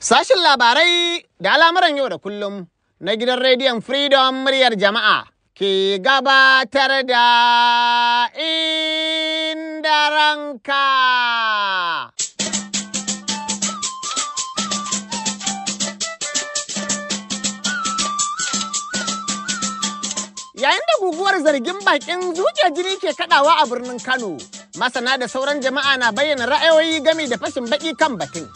Sashin labarai da al'amuran yau da kullum na gidan rediyon Freedom muryar jama'a ke gabatar da inda ranka. Yayin da guguwar zargin bakin zuciya jini ke kadawa a birnin Kano, masana da sauran jama'a na bayyana ra'ayoyi game da fashin baki kan batun.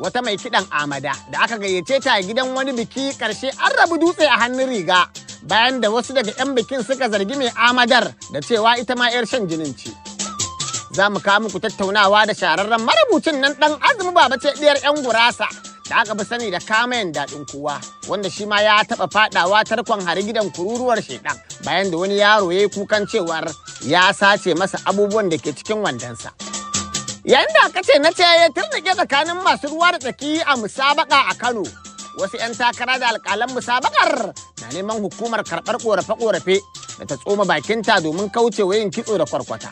wata mai kiɗan amada da aka gayyace ta a gidan wani biki ƙarshe an rabu dutse a hannun riga bayan da wasu daga 'yan bikin suka zargi mai amadar da cewa ita ma 'yar shan jinin ce. Za mu kawo muku tattaunawa da shararren marubucin nan ɗan azumi baba ce ɗiyar 'yan gurasa da aka fi sani da kamayan daɗin kowa wanda shi ma ya taɓa faɗawa tarkon hari gidan kururuwar shaidan bayan da wani yaro ya yi kukan cewar ya sace masa abubuwan da ke cikin wandonsa. Yayin da aka ce na ce ya turnike tsakanin masu ruwa da tsaki a musabaka a Kano. Wasu 'yan takara da alƙalan musabakar na neman hukumar karɓar ƙorafe-ƙorafe da ta tsoma bakinta domin kaucewa yin kitso da kwarkwata.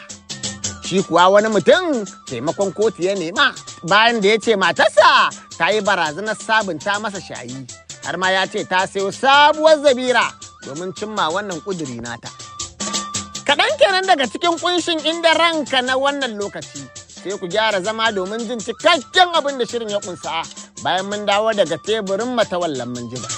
Shi kuwa wani mutum taimakon kotu ya nema bayan da ya ce matarsa ta yi barazanar sabunta masa shayi har ma ya ce ta sayo sabuwar zabira domin cimma wannan ƙuduri nata. Kaɗan kenan daga cikin ƙunshin inda ranka na wannan lokaci. sai ku gyara zama domin jin cikakken abin da shirin ya kunsa bayan mun dawo daga teburin matawallan mun ba.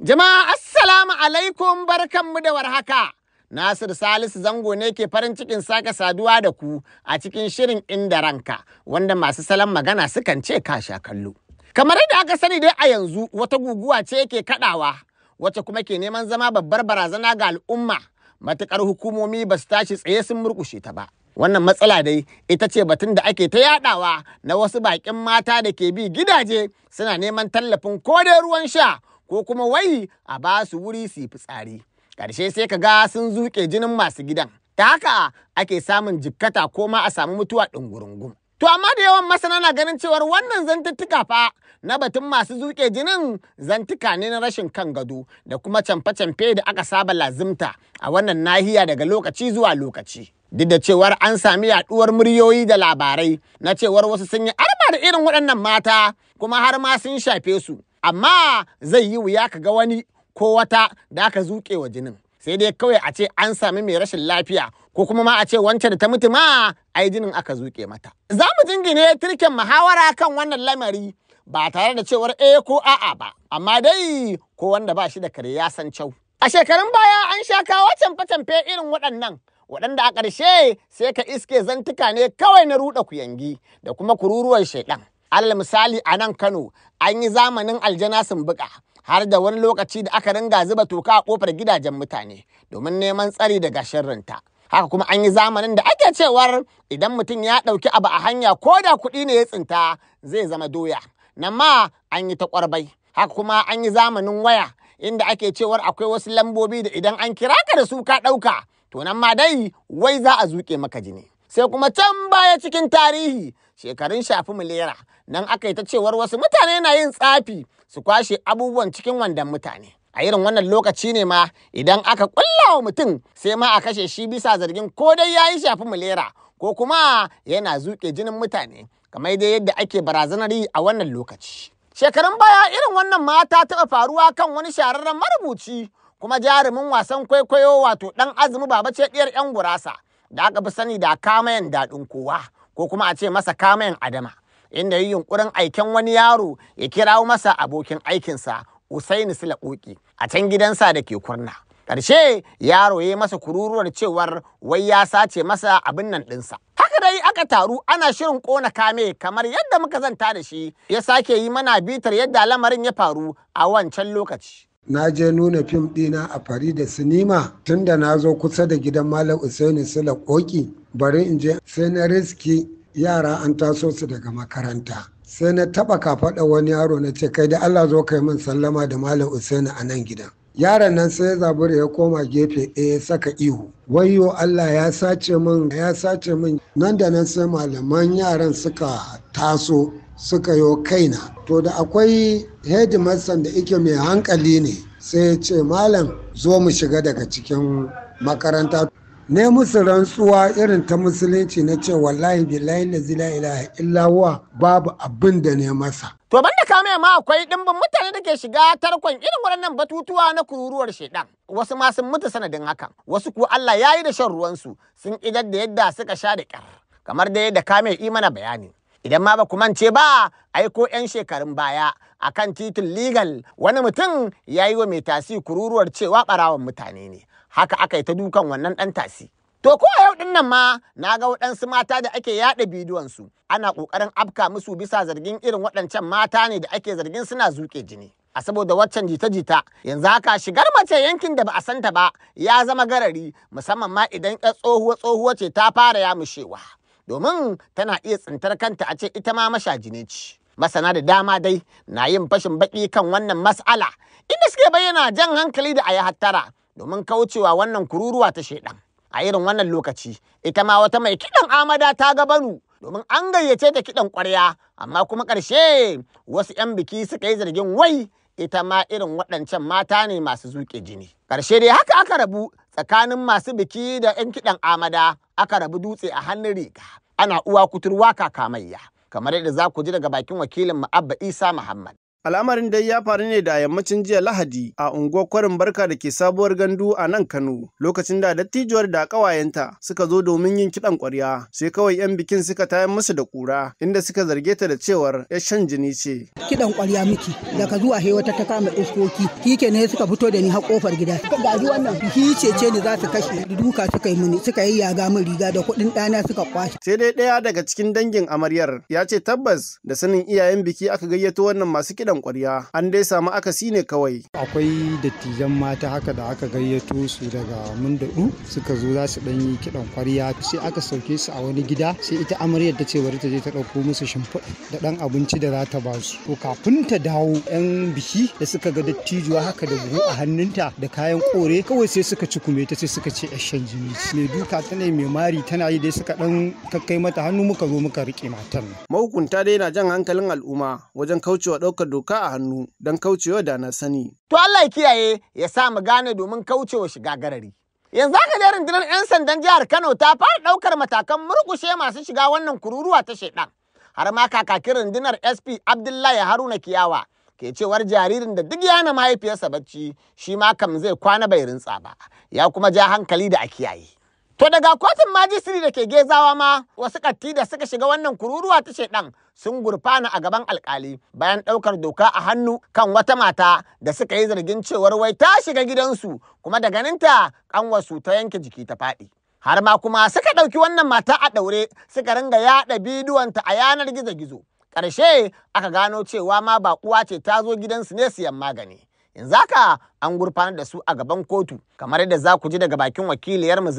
Jama'a assalamu alaikum barkanmu da warhaka. Nasir Salisu Zango ne ke farin cikin sake saduwa da ku a cikin shirin inda ranka wanda masu salon magana sukan ce kasha kallo. Kamar da aka sani dai a yanzu wata guguwa ce ke kadawa wacce kuma ke neman zama babbar barazana ga al'umma matukar hukumomi ba su tashi tsaye sun murkushe ta ba. wannan matsala dai ita ce batun da ake ta yadawa na wasu baƙin mata da ke bi gidaje suna neman tallafin ko dai ruwan sha ko kuma wai a ba su wuri su yi fitsari karshe sai ka ga sun zuƙe jinin masu gidan ta haka ake samun jikkata ko ma a samu mutuwa ɗungurungum To amma da yawan masana na ganin cewar wannan zantuttuka fa na batun masu zuke jinin zantuka ne na rashin kan gado da kuma camfe-camfe da aka saba lazimta a wannan nahiya daga lokaci zuwa lokaci. duk da cewar an sami yaduwar muryoyi da labarai na cewar wasu sun yi arba da irin waɗannan mata kuma har ma sun shafe su amma zai yi wuya ka ga wani ko wata da aka zuke wa jinin sai dai kawai a ce an sami mai rashin lafiya ko kuma ma a ce wancan da ta mutu ma ai jinin aka zuke mata za mu jingine turken muhawara kan wannan lamari ba tare da cewar eh ko a'a ba amma dai ko wanda ba shi da kare ya san cau a shekarun baya an sha kawo canfe-canfe irin waɗannan waɗanda a ƙarshe sai ka iske zantuka ne kawai na ruɗa kuyangi da kuma kururuwan shaiɗan. alal misali a nan kano an yi zamanin aljana buka har da wani lokaci da aka ringa zuba toka a kofar gidajen mutane domin neman tsari daga sharrinta haka kuma an yi zamanin da ake cewar idan mutum ya ɗauki abu a hanya ko da kuɗi ne ya tsinta zai zama doya nan ma an yi ta ƙwarbai haka kuma an yi zamanin waya inda ake cewar akwai wasu lambobi da idan an kira ka da su ka ɗauka to nan ma dai wai za a zuƙe maka jini. Sai kuma can baya cikin tarihi shekarun shafi lera nan aka yi ta cewar wasu mutane na yin tsafi su kwashe abubuwan cikin wandan mutane. A irin wannan lokaci ne ma idan aka ƙulla wa mutum sai ma a kashe shi bisa zargin ko dai ya yi shafi lera ko kuma yana zuƙe jinin mutane kamar dai yadda ake barazanar yi a wannan lokaci. Shekarun baya irin wannan mata taɓa faruwa kan wani shararren marubuci kuma jarumin wasan kwaikwayo wato ɗan azumi baba ce ɗiyar 'yan gurasa da aka fi sani da kamayan daɗin kowa ko kuma a ce masa kamayan adama inda yi yunkurin aiken wani yaro ya kirawo masa abokin aikinsa usaini silaƙoƙi a can gidansa da ke kurna ƙarshe yaro ya yi masa kururuwar cewar wai ya sace masa abin nan ɗinsa haka dai aka taru ana shirin ƙona kame kamar yadda muka zanta da shi ya sake yi mana bitar yadda lamarin ya faru a wancan lokaci na je nuna fim ɗina a fari da sinima tun da na zo kusa da gidan malam usaini sula koki bari in je sai na riski yara an taso su daga makaranta sai na taɓa kafaɗa wani yaro na ce kai da allah zo kai min sallama da malam usaini a nan gidan yaron nan sai zabura ya koma gefe ɗaya eh, ya saka ihu wayo Allah ya sace min ya sace min nan da nan sai malaman yaran suka taso suka yo kaina to da akwai hedimarsan da ike mai hankali ne sai ya ce malam zo mu shiga daga cikin makaranta ne musu rantsuwa irin ta musulunci na ce wallahi billahi na zila ilaha illawa babu abin da ne masa to banda kame ma akwai dimbin mutane da ke shiga tarkon irin waɗannan batutuwa na kururuwar shedan wasu ma sun mutu sanadin haka wasu kuwa Allah ya yi da shan ruwansu sun idar da yadda suka sha da kyar kamar da yadda kame mana bayani idan ma ba ku mance ba aiko 'yan shekarun baya akan titin legal wani mutum ya yi wa mai tasi kururuwar cewa ɓarawan mutane ne haka aka yi ta dukan wannan ɗan tasi. To ko a yau ɗin nan ma na ga waɗansu mata da ake yaɗa bidiyonsu ana ƙoƙarin afka musu bisa zargin irin waɗancan mata ne da ake zargin suna zuƙe jini. A saboda waccan jita-jita yanzu haka shigar mace yankin da ba a santa ba ya zama garari musamman ma idan ƴar tsohuwa tsohuwa ce ta fara yamushewa. Domin tana iya tsintar kanta a ce ita ma masha jini ce. masana da dama dai na yin fashin baƙi kan wannan mas'ala inda suke bayyana jan hankali da a yi hattara domin kaucewa wannan kururuwa ta shaidan a irin wannan lokaci ita ma wata mai kiɗan amada ta ga banu domin an gayyace ta kiɗan ƙwarya amma kuma ƙarshe wasu 'yan biki suka yi zargin wai ita ma irin waɗancan mata ne masu zuƙe jini ƙarshe dai haka aka rabu tsakanin masu biki da 'yan kiɗan amada aka rabu dutse a hannun riga ana uwa kuturwa kakamayya kamar yadda za ku ji daga bakin wakilin mu abba isa muhammad Al'amarin dai ya faru ne da yammacin jiya Lahadi a unguwar Kwarin Barka da ke sabuwar gandu a nan Kano, lokacin da dattijuwar da ƙawayenta suka zo domin yin kiɗan ƙwarya, sai kawai 'yan bikin suka tayar musu da ƙura, inda suka zarge ta da cewar 'yar shan jini ce. Kiɗan ƙwarya miki, daga zuwa he ta kama iskoki, kike ne suka fito da ni har ƙofar gida. Ga wannan hi ce ce ni za su kashe, duka suka yi mini, suka yi yaga min riga da kuɗin ɗana suka kwashe. Sai dai ɗaya daga cikin dangin amaryar ya ce tabbas da sanin iyayen biki aka gayyato wannan masu kiɗan kiɗan ƙwarya an dai samu akasi ne kawai akwai dattijan mata haka da aka gayyato su daga mundaɗu suka zo za su ɗan yi kiɗan ƙwarya sai aka sauke su a wani gida sai ita amaryar ta ce bari ta je ta ɗauko musu shimfiɗa da ɗan abinci da za ta ba su to kafin ta dawo 'yan biki da suka ga dattijuwa haka da buhu a hannunta da kayan kore kawai sai suka ci kume ta sai suka ce shan jini mai duka ta ne mai mari tana yi dai suka ɗan kakkai mata hannu muka zo muka rike matan mahukunta dai na jan hankalin al'umma wajen kaucewa ɗaukar doka a hannu don kaucewa da na sani. To Allah ya kiyaye ya sa mu gane domin kaucewa shiga garari. Yanzu haka dai rundunar 'yan sandan jihar Kano ta fara ɗaukar matakan murƙushe masu shiga wannan kururuwa ta shaiɗan. Har ma kakakin rundunar SP Abdullahi Haruna Kiyawa ke cewar jaririn da duk yana mahaifiyarsa bacci shi ma kam zai kwana bai rintsa ba. Ya kuma ja hankali da a kiyaye. To daga kotun majistiri da ke gezawa ma wasu katti da suka shiga wannan kururuwa ta shaidan sun gurfana a gaban alkali bayan ɗaukar doka a hannu kan wata mata da suka yi zargin cewar wai ta shiga gidansu kuma da ganinta kanwarsu ta yanke jiki ta faɗi. Har ma kuma suka ɗauki wannan mata a ɗaure suka ringa yaɗa bidiyonta a yanar gizo-gizo. Ƙarshe aka gano cewa ma ba uwa ce ta zo gidansu ne siyan magani. yanzu haka an gurfanar da su a gaban kotu kamar yadda za ku ji daga bakin wakiliyar mu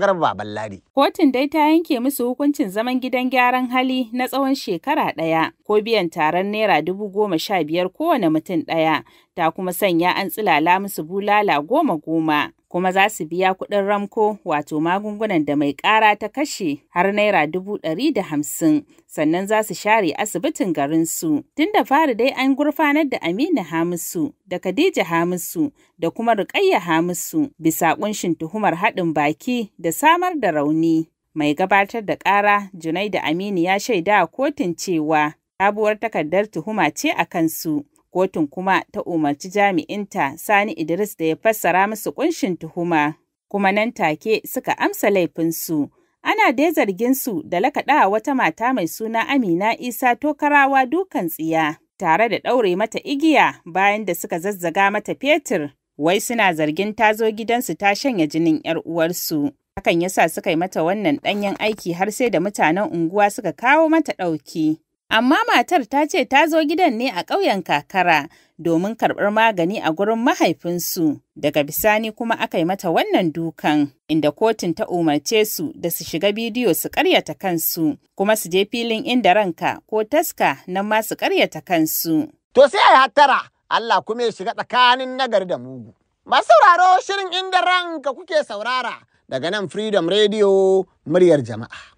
garba ballari kotun dai ta yanke musu hukuncin zaman gidan gyaran hali na tsawon shekara ɗaya ko biyan taron naira dubu goma sha biyar kowane mutum ɗaya ta kuma sanya an tsilala musu bulala goma goma kuma za su biya kuɗin ramko wato magungunan da mai ƙara ta kashe har naira dubu ɗari da hamsin sannan za su share asibitin garinsu. Tun da fari dai an gurfanar da Aminu Hamisu da Khadija Hamisu da kuma Rukayya Hamisu bisa ƙunshin tuhumar haɗin baki da samar da rauni. Mai gabatar da ƙara da Aminu ya shaida a kotun cewa sabuwar takardar tuhuma ce a kansu. kotun kuma ta umarci jami'inta Sani Idris da ya fassara musu kunshin tuhuma, kuma nan take suka amsa laifinsu. Ana dai zargin su da lakaɗa wata mata mai suna Amina Isa Tokarawa dukan tsiya, tare da ɗaure mata igiya bayan da suka zazzaga mata fetur, wai suna zargin ta zo gidansu ta shanya jinin 'yar uwarsu. Hakan yasa suka yi mata wannan ɗanyen aiki har sai da mutanen unguwa suka kawo mata ɗauki. Amma matar ta ce ta zo gidan ne a ƙauyen Kakara domin karɓar magani a gurin mahaifinsu, daga bisani kuma aka yi mata wannan dukan, inda kotun ta umarce su da su shiga bidiyo su ƙaryata kansu, kuma su je filin inda ranka ko taska na ma su ƙaryata kansu. To sai a yi hattara, Allah kuma ya shiga tsakanin nagari da mugu. Masu sauraro shirin inda ranka kuke saurara daga nan Freedom Radio muryar jama'a.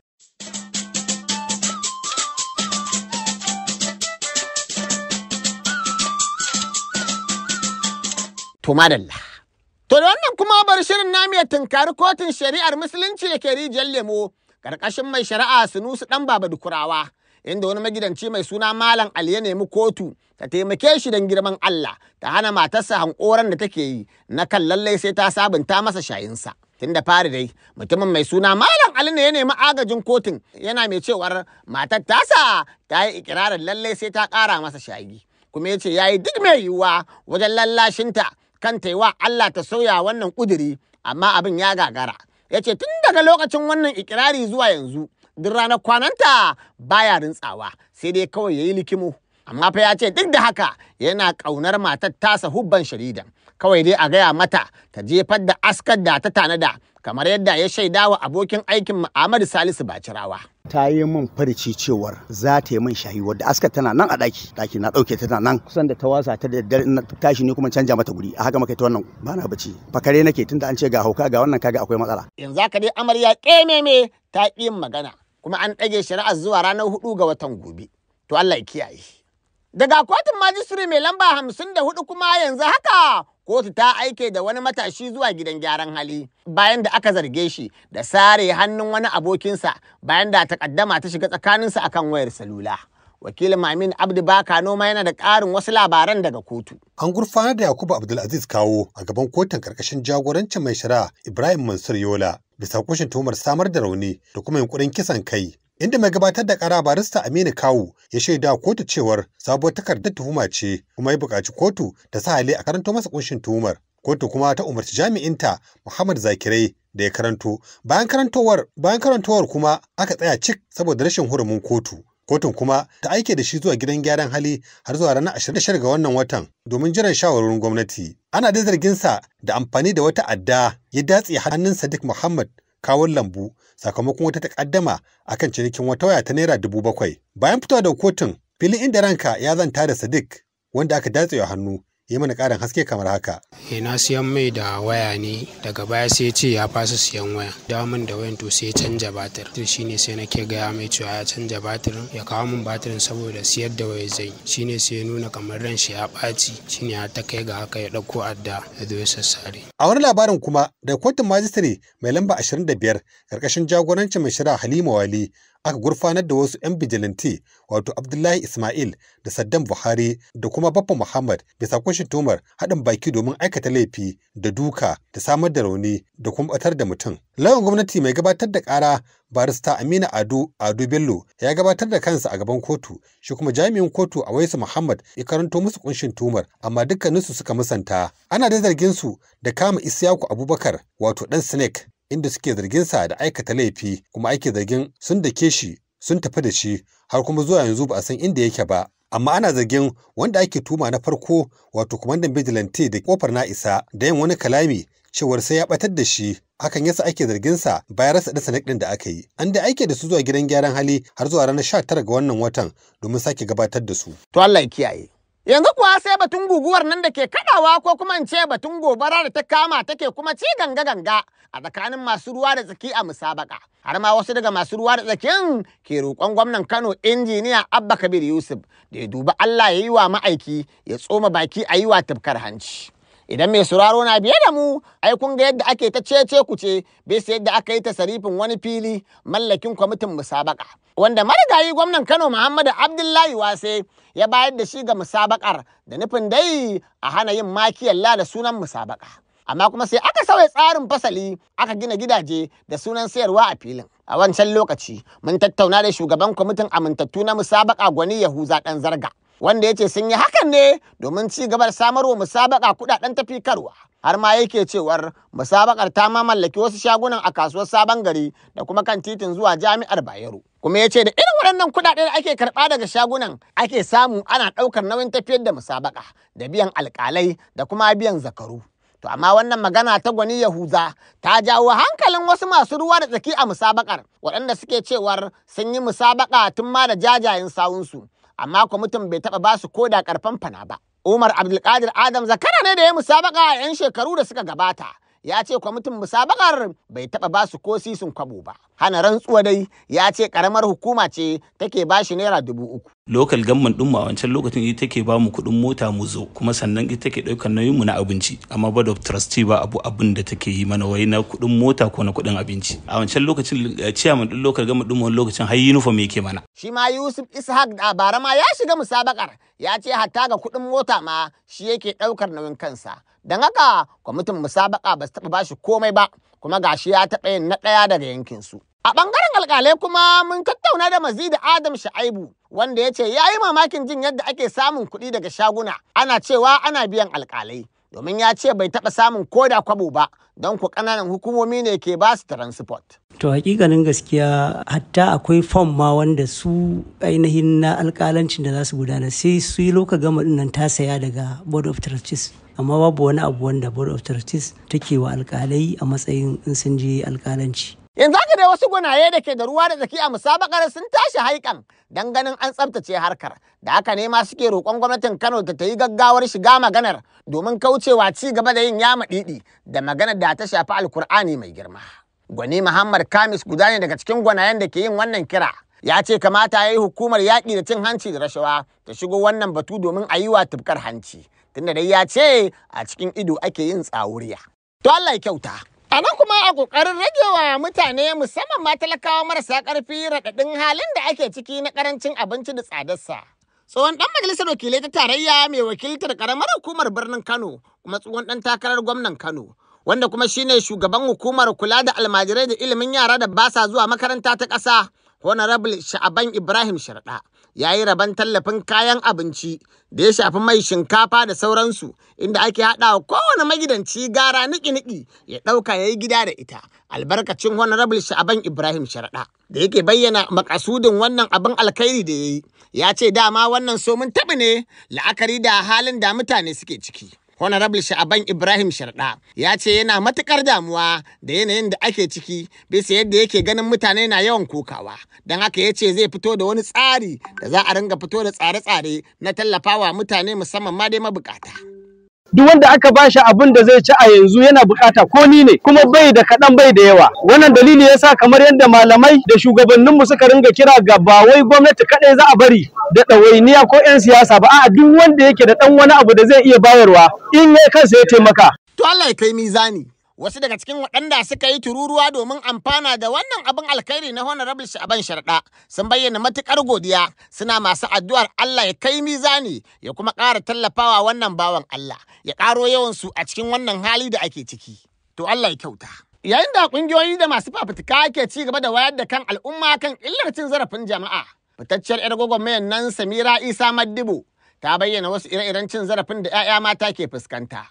To madalla. To da wannan kuma bar shirin na miya tunkari kotun shari'ar musulunci da ke rijiyar lemo karkashin mai shari'a sunusu dan baba dukurawa inda wani magidanci mai suna malam ali ya nemi kotu ta taimake shi don girman Allah ta hana matarsa hankoran da take yi na kan lallai sai ta sabunta masa shayinsa. tun da fari dai mutumin mai suna malam ali ne ya nemi agajin kotun yana mai cewar matar tasa ta yi ikirarin lallai sai ta kara masa shayi, kuma ya ce ya yi duk mai yiwuwa wajen lallashinta kan ta yi wa Allah ta sauya wannan ƙuduri amma abin ya gagara ya ce tun daga lokacin wannan ikirari zuwa yanzu duk ranar kwananta baya rintsawa sai dai kawai ya yi likimo amma fa ya ce duk da haka yana ƙaunar matar tasa hubban sharidan kawai dai a gaya mata ta jefar da askar da ta tanada kamar yadda ya shaida wa abokin aikin Ahmad Salisu Bacirawa. ta yi min farci cewar za ta yi min shayi wadda aska tana nan a daki daki na dauke tana nan kusan da ta wasa ta da tashi ne kuma canja mata guri a haka makai ta wannan ba na bace fakare nake tunda an ce ga hauka ga wannan kaga akwai matsala yanzu haka dai amarya kememe ta ƙi magana kuma an ɗage shari'a zuwa ranar hudu ga watan gobe to Allah ya kiyaye Daga kotun majistri mai lamba hamsin da hudu kuma yanzu haka kotu ta aike da wani matashi zuwa gidan gyaran hali bayan da aka zarge shi da sare hannun wani abokinsa bayan da takaddama ta shiga tsakaninsa akan wayar salula. wakilin mamin abdu baka noma yana da ƙarin wasu labaran daga kotu an gurfanar da yakubu abdulaziz kawo a gaban kotun ƙarƙashin jagorancin mai shari'a ibrahim mansur yola bisa kushin tumar samar da rauni da kuma yunkurin kisan kai inda mai gabatar da kara barista Aminu Kawu ya shaida kotu cewar sabuwar takardar tuhuma ce kuma ya buƙaci kotu ta sa hali a karanto masa kunshin tuhumar. Kotu kuma ta umarci jami'inta Muhammad Zakirai da ya karanto. Bayan karantowar bayan karantowar kuma aka tsaya cik saboda rashin hurumin kotu. Kotun kuma ta aike da shi zuwa gidan gyaran hali har zuwa ranar 26 ga wannan watan domin jiran shawarorin gwamnati. Ana da zarginsa da amfani da wata adda ya datse hannun Sadiq Muhammad kawun lambu sakamakon wata takaddama kan cinikin wata waya ta naira dubu bakwai. Bayan fitowa daga kotun filin inda ranka ya zanta da Sadiq wanda aka datsewa hannu yi mana ƙarin haske kamar haka. ina na siyan mai da waya ne daga baya sai ce ya fasa siyan waya. Dawo da wayan to sai canja batir. To shine sai na ke gaya mai cewa ya canja batir ya kawo min batirin saboda siyar da waya zai. Shine sai ya nuna kamar ran shi ya ɓaci. Shine ya ta kai ga haka ya ɗauko adda ya zo ya sassare. A wani labarin kuma da kotun majistare mai lamba 25 karkashin jagorancin mai shari'a Halima Wali aka gurfanar da wasu 'yan bijilanti wato Abdullahi Ismail da Saddam Buhari da kuma Baffa Muhammad bisa kunshin tumar haɗin baki domin aikata laifi da duka da samar da rauni da kuma batar da mutum. Lauyan gwamnati mai gabatar da ƙara barista Amina Ado Ado Bello ya gabatar da kansa a gaban kotu shi kuma jami'in kotu a Waisu Muhammad ya karanto musu kunshin tumar amma dukkaninsu suka musanta. Ana da zargin su da kama Isyaku Abubakar wato ɗan Snake inda suke zargin sa da aikata laifi kuma ake zargin sun dake shi sun tafi da shi har kuma zuwa yanzu ba a san inda yake ba amma ana zargin wanda ake tuma na farko wato kwamandan vigilante da kofar na isa da yin wani kalami cewar sai ya batar da shi hakan yasa ake zargin zarginsa bayan rasa da sanadin da aka yi an dai aike da su zuwa gidan gyaran hali har zuwa ranar 19 ga wannan watan domin sake gabatar da su to Allah ya kiyaye Yanzu kuwa sai batun guguwar nan da ke kaɗawa ko kuma in ce batun gobara da ta kama take kuma ci ganga ganga a tsakanin masu ruwa da tsaki a musabaka. Har ma wasu daga masu ruwa da tsakin ke roƙon gwamnan Kano injiniya Abba Kabir Yusuf da ya duba Allah ya yi wa ma'aiki ya tsoma baki a yi wa tafkar hanci. idan mai sauraro na biye da mu ai kun ga yadda ake ta cece ku ce bisa yadda aka yi ta sarifin wani fili mallakin kwamitin musabaka wanda marigayi gwamnan Kano Muhammadu Abdullahi Wase ya bayar da shi ga musabakar da nufin dai a hana yin makiyar da sunan musabaka amma kuma sai aka sauya tsarin fasali aka gina gidaje da sunan sayarwa a filin a wancan lokaci mun tattauna da shugaban kwamitin amintattu na musabaka gwani Yahuza dan zarga wanda ya ce sun yi hakan ne domin ci gaba samar wa musabaka kudaden tafikarwa har ma yake cewar musabakar ta ma mallaki wasu shagunan a kasuwar sabon gari da kuma kan titin zuwa jami'ar bayero kuma ya ce da irin waɗannan kuɗaɗe da ake karɓa daga shagunan ake samu ana ɗaukar nauyin tafiyar da musabaka da biyan alƙalai da kuma biyan zakaru To amma wannan magana ta gwani Yahuza ta jawo hankalin wasu masu ruwa da tsaki a musabakar waɗanda suke cewar sun yi musabaka tun ma da jajayen sawunsu amma mutum bai taɓa ba su ko da ƙarfan fana ba. Umar Abdulkadir Adam zakara ne da ya musabaka a 'yan shekaru da suka gabata. Ya ce kwamitin musabakar bai taɓa ba su ko sisin kwabo ba. hana rantsuwa dai ya ce karamar hukuma ce take ba shi naira dubu uku. Lokal gamman ɗin ma wancan lokacin ita take ba mu kuɗin mota mu zo kuma sannan ita take ɗaukar nauyin mu na abinci amma board of trustee ba abu abin da take yi mana wai na kuɗin mota ko na kuɗin abinci. A wancan lokacin eh, ciyaman ɗin lokal gamman ɗin wani lokacin har uniform yake mana. Shi ma Yusuf Ishaq da bara ma ya shiga musabakar ya ce hatta ga kuɗin mota ma shi yake ɗaukar nauyin kansa. Don haka kwamitin musabaka ba su taɓa ba shi komai ba kuma gashi ya taɓa yin na ɗaya daga yankinsu. A ɓangaren alƙalai kuma mun tattauna da Mazidi Adam Sha'aibu wanda ya ce ya yi mamakin jin yadda ake samun kuɗi daga shaguna ana cewa ana biyan alƙalai domin ya ce bai taɓa samun koda kwabo ba don ku ƙananan hukumomi ne ke ba su transport. To hakikanin gaskiya hatta akwai fom ma wanda su ainihin na alƙalancin da za su gudana sai su yi loka gama dinnan ta saya daga Board of Trustees. Amma babu wani abu wanda Board of Trustees take wa alƙalai a matsayin in sun je alƙalanci. Yanzu haka dai wasu gwanaye da ke da ruwa da tsaki a musabakar sun tashi haikan don ganin an tsabtace harkar. Da haka ne ma suke roƙon gwamnatin Kano ta yi gaggawar shiga maganar domin kaucewa ci gaba da yin yama ɗiɗi da maganar da ta shafi Alkur'ani mai girma. Gwani Muhammad Kamis guda ne daga cikin gwanayen da ke yin wannan kira. Ya ce kamata ya yi hukumar yaƙi da cin hanci da rashawa ta shigo wannan batu domin a yi wa tufkar hanci. Tunda dai ya ce a cikin ido ake yin tsawuriya. To Allah ya kyauta. A nan kuma a ƙoƙarin ragewa mutane musamman ma talakawa marasa ƙarfi raɗaɗin halin da ake ciki na ƙarancin abinci da tsadarsa. Tsohon ɗan majalisar wakilai ta tarayya mai wakiltar ƙaramar hukumar birnin Kano kuma tsohon ɗan takarar gwamnan Kano. Wanda kuma shine shugaban hukumar kula da almajirai da ilimin yara da basa zuwa makaranta ta ƙasa. Honorable Sha'aban Ibrahim Sharda ya yi rabon tallafin kayan abinci da ya shafi mai shinkafa da sauransu inda ake haɗawa kowane magidanci gara niki-niki ya ɗauka ya yi gida da ita albarkacin honorable Sha'aban Ibrahim Sharda da yake bayyana makasudin wannan abin alkhairi da ya yi ya ce dama wannan somin taɓi ne la'akari da halin da mutane suke ciki. Honorable Sha'aban Ibrahim Sharda ya ce yana matukar damuwa da yanayin da ake ciki bisa yadda yake ganin mutane na yawan kokawa. Don haka ya ce zai fito da wani tsari da za a ringa fito da tsare-tsare na tallafawa mutane musamman ma dai mabukata. duk wanda aka ba shi abin da zai ci a yanzu yana bukata ko ni ne kuma bai da kaɗan bai da yawa wannan dalili sa kamar yadda malamai da shugabanninmu suka ringa kira ga ba wai gwamnati kaɗai za a bari da ɗawainiya ko 'yan siyasa ba a'a duk wanda yake da ɗan wani abu da zai iya bayarwa in ya kansa ya taimaka. to Allah ya kai mizani wasu daga cikin waɗanda suka yi tururuwa domin amfana da wannan abin alkhairi na honorable sha'aban sharda, sun bayyana matukar godiya suna masu addu'ar Allah ya kai mizani ya kuma ƙara tallafawa wannan bawan Allah ya ƙaro yawansu a cikin wannan hali da ake ciki. To Allah ya kyauta. Yayin da ƙungiyoyi da masu fafutuka ke ci gaba da wayar da kan al'umma kan illar cin zarafin jama'a, fitacciyar 'yar gwagwarmayar nan Samira Isa Maddibo ta bayyana wasu ire-iren cin zarafin da 'ya'ya mata ke fuskanta.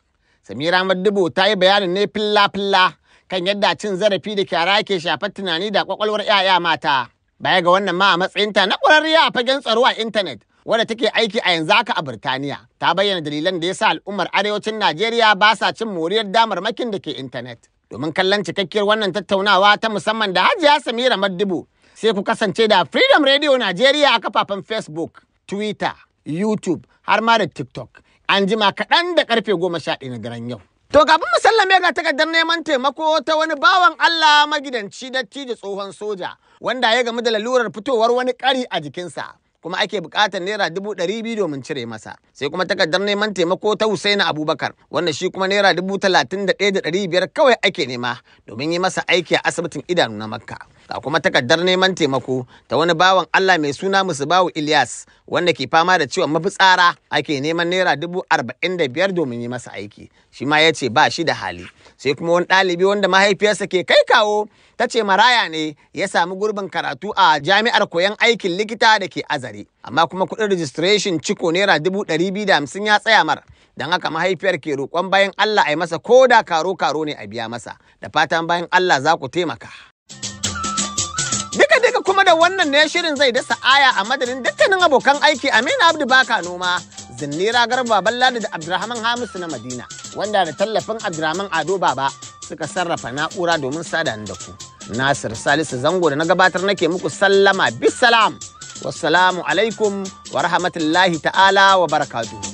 Samira Maddibo ta yi bayanin ne filla-filla kan yadda cin zarafi da kyara ke shafar tunani da ƙwaƙwalwar 'ya'ya mata. Baya ga wannan ma a matsayinta na ƙwararriya a fagen tsaro a intanet, wadda take aiki a yanzu haka a Birtaniya ta bayyana dalilan da yasa al'ummar arewacin Najeriya ba sa cin moriyar damar makin da ke intanet. Domin kallon cikakkiyar wannan tattaunawa ta musamman da Hajiya Samira Maddibo sai ku kasance da Freedom Radio Najeriya a kafafen Facebook, Twitter, YouTube har ma da TikTok. An jima kaɗan da karfe goma sha ɗaya na daren yau. To kafin mu sallame ga takardar neman taimako ta wani bawan Allah magidanci dattijo tsohon soja wanda ya gamu da lalurar fitowar wani ƙari a jikinsa. kuma ake bukatar naira dubu ɗari biyu domin cire masa sai kuma takardar neman taimako ta Husaina Abubakar wanda shi kuma naira dubu talatin da ɗaya da ɗari biyar kawai ake nema domin yi masa aiki a asibitin idanu na Makka. ga kuma takardar neman taimako ta wani bawan Allah mai suna Musubawu Ilyas wanda ke fama da ciwon mafitsara ake neman naira dubu arba'in da biyar domin yi masa aiki shi ma ya ce ba shi da hali sai kuma wani ɗalibi wanda mahaifiyarsa ke kai kawo ta ce maraya ne ya samu gurbin karatu a jami'ar koyon aikin likita da ke azare amma kuma kuɗin registration ciko naira dubu ɗari biyu da hamsin ya tsaya mar don haka mahaifiyar ke roƙon bayan Allah a yi masa ko da karo karo ne a biya masa da fatan bayan Allah za ku taimaka. wannan ne shirin zai dasa aya a madadin dukkanin abokan aiki Aminu Abdu Baka Noma, Zinnira Garba Balladu da Abdurrahman Hamisu na Madina, wanda da tallafin Abdurrahman Ado Baba suka sarrafa na'ura domin sada da ku. Nasir Salisu Zango da na gabatar nake muku sallama bisalam. Wassalamu alaikum wa rahmatullahi ta'ala wa barakatuhu.